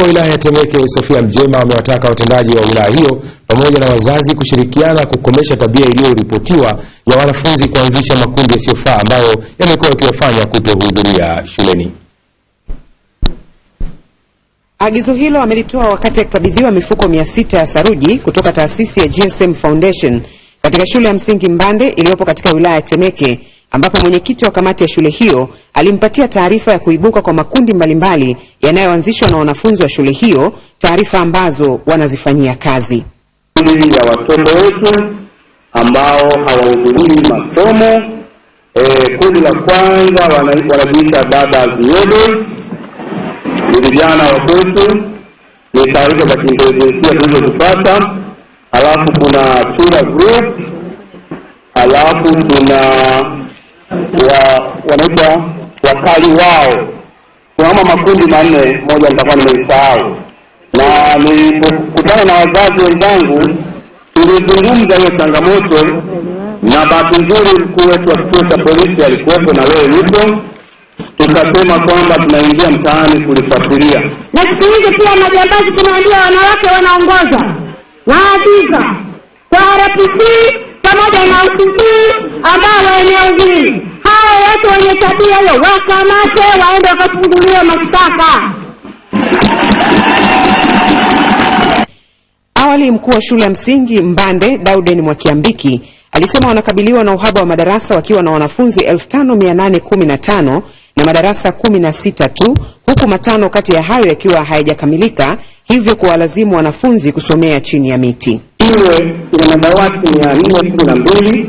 wa wilaya ya Temeke Sofia Mjema amewataka watendaji wa wilaya hiyo pamoja na wazazi kushirikiana kukomesha tabia iliyoripotiwa ya wanafunzi kuanzisha makundi yasiyofaa ambayo yamekuwa yakiwafanya kutohudhuria shuleni. Agizo hilo amelitoa wakati akikabidhiwa mifuko mia sita ya saruji kutoka taasisi ya GSM Foundation katika shule ya msingi Mbande iliyopo katika wilaya ya Temeke ambapo mwenyekiti wa kamati ya shule hiyo alimpatia taarifa ya kuibuka kwa makundi mbalimbali yanayoanzishwa na wanafunzi wa shule hiyo, taarifa ambazo wanazifanyia kazi ya watoto wetu ambao hawahudhurii masomo. E, kundi la kwanza wanajiita dada Rebels, ni vijana wa kwetu, ni taarifa za kiintelijensia tulizozipata. Halafu kuna Chura Group, halafu kuna wa wanaitwa wakali wao. Tunaona makundi manne, moja nitakuwa nimeisahau, na nilipokutana na wazazi wenzangu tulizungumza hiyo changamoto, na bahati nzuri mkuu wetu wa kituo cha polisi alikuwepo na wewe yupo, tukasema kwamba tunaingia mtaani kulifuatilia. Na siku hizi pia majambazi tunaambia wanawake wanaongoza, waagiza kwa RPC pamoja na UCP ambao waeneo hili watu wenye tabia hiyo wakamate, waende wakafunguliwe mashtaka. Awali mkuu wa shule ya msingi Mbande Dauden Mwakiambiki alisema wanakabiliwa na uhaba wa madarasa wakiwa na wanafunzi 5815 na madarasa 16 tu, huku matano kati ya hayo yakiwa hayajakamilika, hivyo kuwalazimu wanafunzi kusomea chini ya miti. Shule ina madawati 412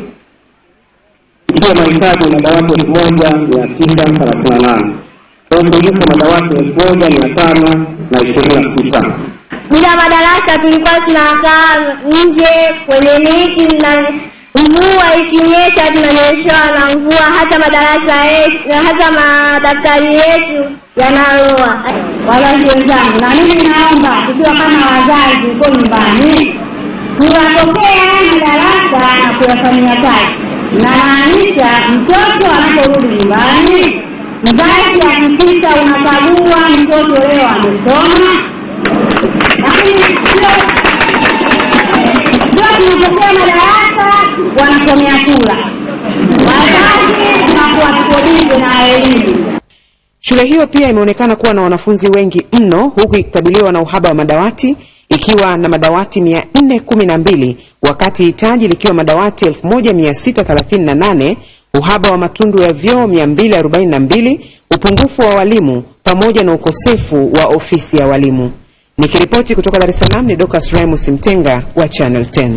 ndiyo mahitaji na madawati elfu moja mia tisa thelathini na nane pungufu madawati elfu moja mia tano na ishirini na sita bila madarasa tulikuwa tunakaa nje kwenye miti na mvua ikinyesha tunanyeshewa na mvua, hata madarasa yetu hata madaftari yetu yanaloa. Wazazi wenzangu, na mimi naomba tukiwa kama wazazi huko nyumbani, tuwatokea haya madarasa na kuyafanyia kazi. Namaanisha mtoto anaporudi nyumbani, mzazi hakikisha unakagua mtoto leo amesoma, lakini ndio tunapokea madarasa wanasomea kula, wazazi tunakuwa tuko na elimu. Shule hiyo pia imeonekana kuwa na wanafunzi wengi mno, huku ikikabiliwa na uhaba wa madawati ikiwa na madawati 412 wakati hitaji likiwa madawati 1638, uhaba wa matundu ya vyoo 242, upungufu wa walimu pamoja na ukosefu wa ofisi ya walimu. Nikiripoti kutoka Dar es Salaam ni Dorcas Raimus Mtenga wa Channel 10.